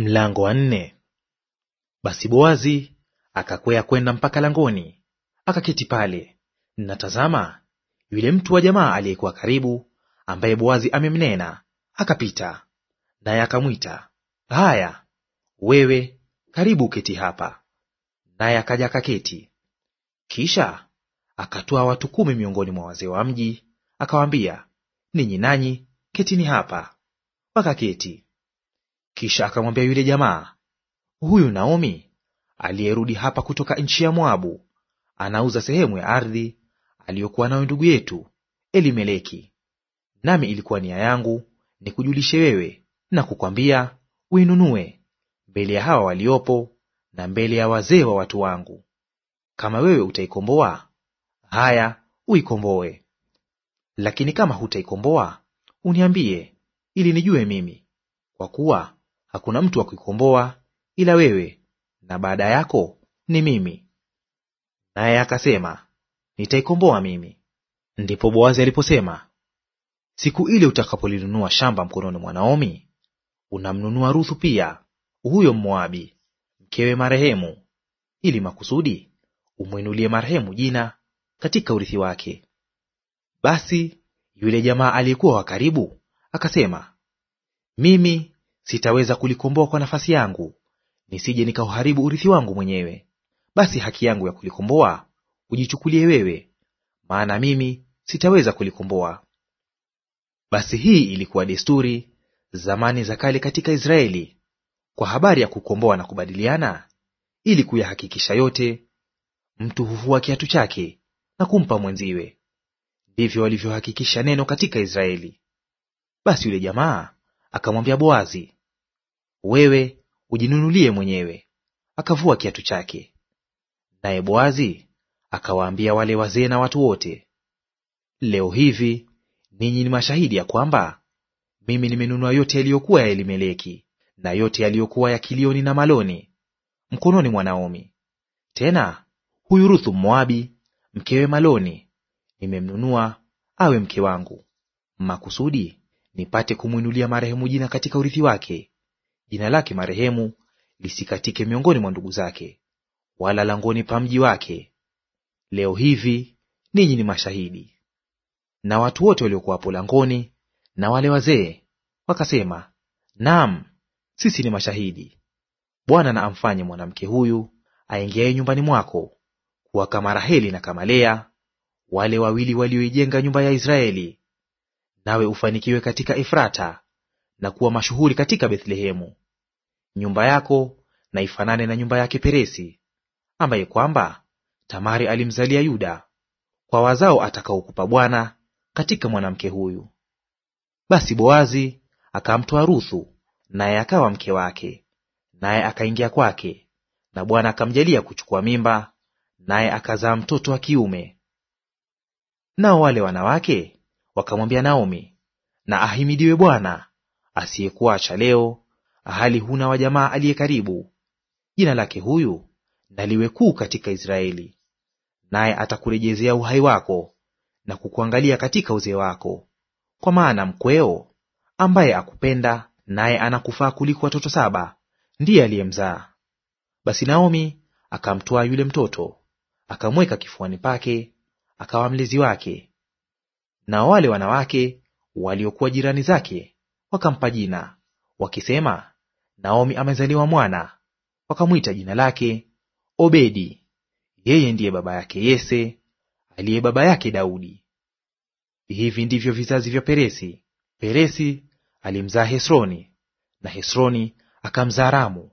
Mlango wa nne. Basi Boazi akakwea kwenda mpaka langoni, akaketi pale. Na tazama, yule mtu wa jamaa aliyekuwa karibu, ambaye Boazi amemnena, akapita naye, akamwita, haya wewe, karibu uketi hapa. Naye akaja akaketi. Kisha akatoa watu kumi miongoni mwa wazee wa mji, akawaambia, ninyi nanyi ketini hapa. Wakaketi. Kisha akamwambia yule jamaa, huyu Naomi aliyerudi hapa kutoka nchi ya Moabu anauza sehemu ya ardhi aliyokuwa nayo ndugu yetu Elimeleki. Nami ilikuwa nia yangu nikujulishe wewe na kukwambia uinunue mbele ya hawa waliopo na mbele ya wazee wa watu wangu. Kama wewe utaikomboa, haya uikomboe; lakini kama hutaikomboa, uniambie ili nijue mimi, kwa kuwa hakuna mtu wa kuikomboa ila wewe, na baada yako ni mimi. Naye akasema, nitaikomboa mimi. Ndipo Boazi aliposema, siku ile utakapolinunua shamba mkononi mwa Naomi, unamnunua Ruthu pia, huyo Mmoabi, mkewe marehemu, ili makusudi umwinulie marehemu jina katika urithi wake. Basi yule jamaa aliyekuwa wa karibu akasema, mimi sitaweza kulikomboa kwa nafasi yangu, nisije nikauharibu urithi wangu mwenyewe. Basi haki yangu ya kulikomboa ujichukulie wewe, maana mimi sitaweza kulikomboa. Basi hii ilikuwa desturi zamani za kale katika Israeli kwa habari ya kukomboa na kubadiliana, ili kuyahakikisha yote, mtu huvua kiatu chake na kumpa mwenziwe. Ndivyo walivyohakikisha neno katika Israeli. Basi yule jamaa akamwambia Boazi, wewe ujinunulie mwenyewe. Akavua kiatu chake. Naye Boazi akawaambia wale wazee na watu wote, leo hivi ninyi ni mashahidi ya kwamba mimi nimenunua yote yaliyokuwa ya Elimeleki na yote yaliyokuwa ya Kilioni na Maloni mkononi mwa Naomi. Tena huyu Ruthu Mmoabi mkewe Maloni nimemnunua awe mke wangu, makusudi nipate kumwinulia marehemu jina katika urithi wake, jina lake marehemu lisikatike miongoni mwa ndugu zake, wala langoni pa mji wake. Leo hivi ninyi ni mashahidi. Na watu wote waliokuwapo langoni na wale wazee wakasema, naam, sisi ni mashahidi. Bwana na amfanye mwanamke huyu aingiaye nyumbani mwako kuwa kama Raheli na kama Lea, wale wawili walioijenga nyumba ya Israeli nawe ufanikiwe katika Efrata na kuwa mashuhuri katika Bethlehemu. Nyumba yako na ifanane na nyumba yake Peresi, ambaye kwamba Tamari alimzalia Yuda kwa wazao atakaokupa Bwana katika mwanamke huyu. Basi Boazi akamtoa Ruthu, naye akawa mke wake, naye akaingia kwake, na Bwana akamjalia kuchukua mimba, naye akazaa mtoto wa kiume. Nao wale wanawake wakamwambia Naomi, na ahimidiwe Bwana asiyekuacha leo hali huna wa jamaa aliye karibu, jina lake huyu liwe kuu katika Israeli, naye atakurejezea uhai wako na kukuangalia katika uzee wako. Kwa maana mkweo ambaye akupenda naye anakufaa kuliko watoto saba ndiye aliyemzaa. Basi Naomi akamtoa yule mtoto akamweka kifuani pake, akawa mlezi wake, Nao wale wanawake waliokuwa jirani zake wakampa jina, wakisema, Naomi amezaliwa mwana. Wakamwita jina lake Obedi; yeye ndiye baba yake Yese aliye baba yake Daudi. Hivi ndivyo vizazi vya Peresi. Peresi alimzaa Hesroni, na Hesroni akamzaa Ramu,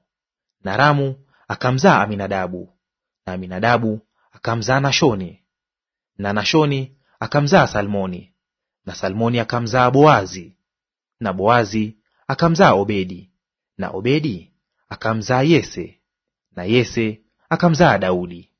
na Ramu akamzaa Aminadabu, na Aminadabu akamzaa Nashoni, na Nashoni akamzaa Salmoni, na Salmoni akamzaa Boazi, na Boazi akamzaa Obedi, na Obedi akamzaa Yese, na Yese akamzaa Daudi.